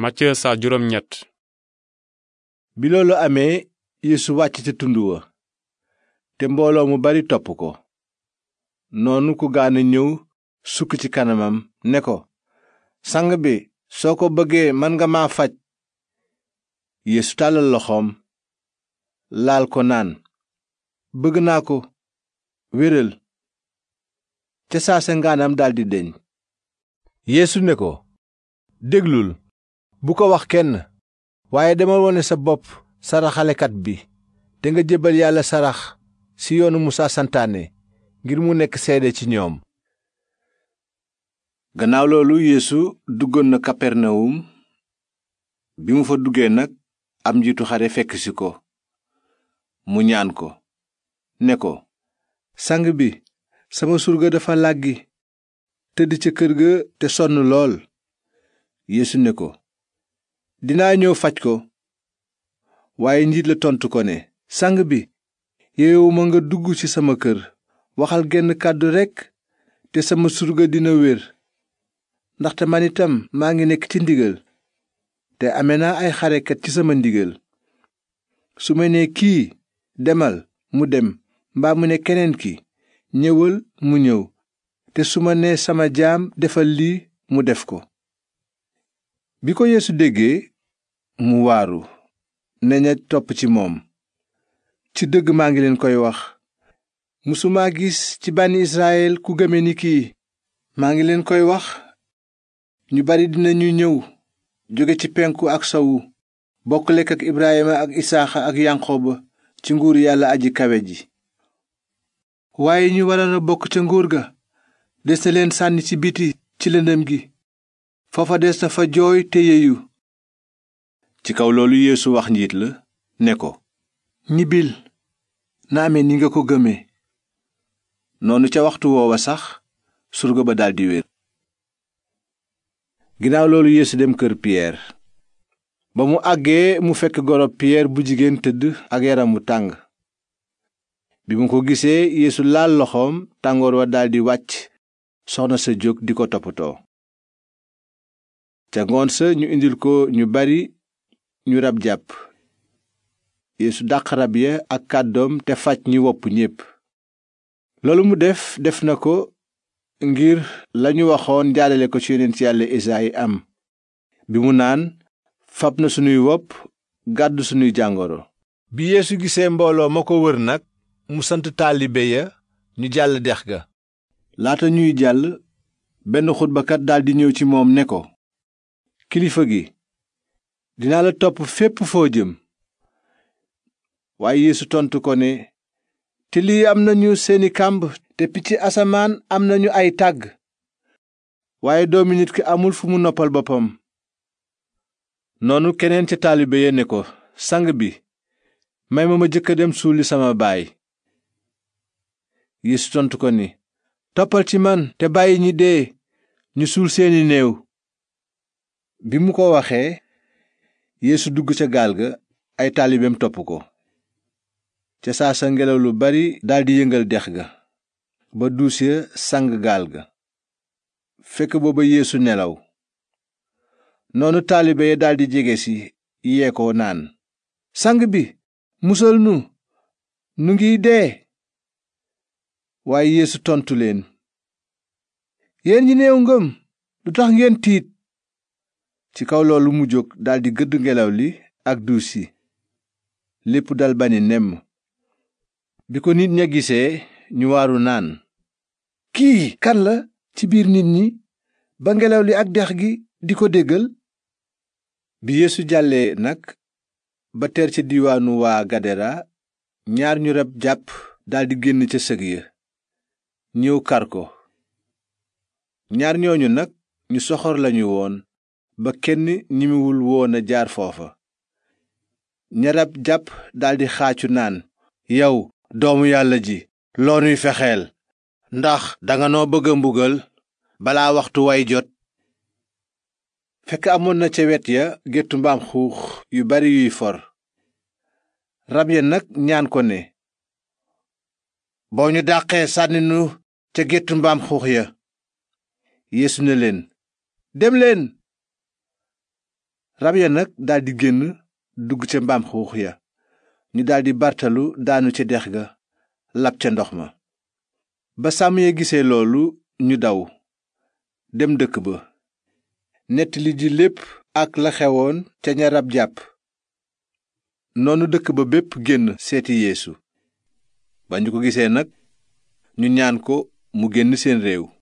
Matthieu saa juróom amee Yeesu wàcc ca tund wa te mbooloo mu bari topp ko noonu ku gaana ñëw sukk ci kanamam né ko sang bi soo ko bëggee man nga maa faj Yeesu tàllal loxoom laal ko naan bëgg naa ko wéral ca saa sa ngaanam daldi deñ yéesu ne ko déglul bu ko wax kenn waaye demal wone sa bopp saraxalekat bi te nga jébbal yàlla sarax ci yoonu musaa santaane ngir mu nekk seede ci ñoom gannaaw loolu yeesu duggoon na kapernawum bi mu fa duggee nag am njiitu xare fekk si ko mu ñaan ko ne ko sang bi sama surga dafa làggi tëdd ci kër ga te sonn lool yeesu ne ko dinaa ñëw faj ko waaye njiit la tontu ko ne sang bi yeeyewuma nga dugg ci sama kër waxal genn kàddu rekk te sama surga dina wér ndaxte man itam maa ngi nekk ci ndigal te ame naa ay xarekat ci sama ndigal su ma nee kii demal mu dem mbaa mu ne keneen ki ñëwal mu ñëw te su ma nee sama jaam defal lii mu def ko bi ko yeesu déggee mu waaru ne ña topp ci moom ci dëgg maa ngi leen koy wax mësumaa gis ci bànni Israël ku gëme ni kii maa ngi leen koy wax ñu bari dinañu ñëw jóge ci penku ak sowu bokk lekk ak Ibrahima ak Isaaxa ak Yanqooba ci nguur yàlla aji kawe ji waaye ñu waroon a bokk ca nguur ga des na leen sànni ci biti ci lëndëm gi foofa des na fa jooy te yeyu ci kaw loolu yéesu wax njiit la ne ko ñibbil na amee ni nga ko gëmee noonu ca waxtu woowa sax surga ba daldi wér ginnaaw loolu yéesu dem kër piyeer ba mu àggee mu fekk gorob piyeer bu jigéen tëdd ak yaramu tàng bi mu ko gisee yeesu laal loxoom tàngoor wa daldi wàcc soxna sa jóg di ko toppatoo ca ngoon sa ñu indil ko ñu bari ñu rab jàpp yeesu dàq rab ya ak kàddoom te faj ñi wopp ñépp loolu mu def def na ko ngir lañu waxoon jaalale ko ci yonent yàlla esaayi am bi mu naan fab na sunuy wopp gàddu sunuy jàngoro bi yéesu gisee mbooloo ma ko wër nag mu sant taalibe ya ñu jàll dex ga laata ñuy jàll benn xutbakat daldi ñëw ci moom ne ko kilifa gi dinaa la topp fépp foo jëm waaye Yeesu tontu ko ne till yi am nañu seeni kàmb te picc asamaan am nañu ay tàgg waaye doomi nit ki amul fu mu noppal boppam noonu keneen ca taalibe ya ne ko sang bi may ma ma jëkk a dem suuli sama baay Yeesu tontu ko ni toppal ci man te bàyyi ñi dee ñu suul seeni néew bi mu ko waxee yeesu dugg ca gaal ga ay taalibeem topp ko ca saa sa ngelaw lu bari daldi yëngal dex ga ba duus ya sang gaal ga fekk booba yeesu nelaw noonu taalibe ya daldi jege si yee ko naan sang bi musal nu nu ngi dee waaye yeesu tontu leen yéen ñi néew ngëm lu tax ngeen tiit ci kaw loolu mu jóg daldi gëdd ngelaw li ak duus yi lépp dal bani nemm bi ko nit ña gisee ñu waaru naan kii kan la ci biir nit ñi ba ngelaw li ak dex gi di ko déggal bi yéesu jàllee nag ba ter ca diwaanu waa gadara ñaar ñu rab jàpp daldi génn ca sëg ya ñëw kar ko ñaar ñooñu nag ñu soxor lañu woon ba kenn ñimiwul woon jaar foofa ña rab jàpp daldi xaacu naan yow doomu yàlla ji loo nuy fexeel ndax danga noo bëgg a mbugal balaa waxtu way jot fekk amoon na ca wet ya géttu mbaam xuux yu bari yuy for rab ya nag ñaan ko ne boo ñu dàqee sànninu ca géttu mbaam xuux ya yeesu ne leen dem leen rab ya nag daldi génn dugg ca mbaam xuux ya ñu daldi bartalu daanu ca dex ga lab ca ndox ma ba sàmm ya gisee loolu ñu daw dem dëkk ba nettali ji lépp ak la xewoon ca ña rab jàpp noonu dëkk ba bépp génn seeti yéesu ba ñu ko gisee nag ñu ñaan ko mu génn seen réew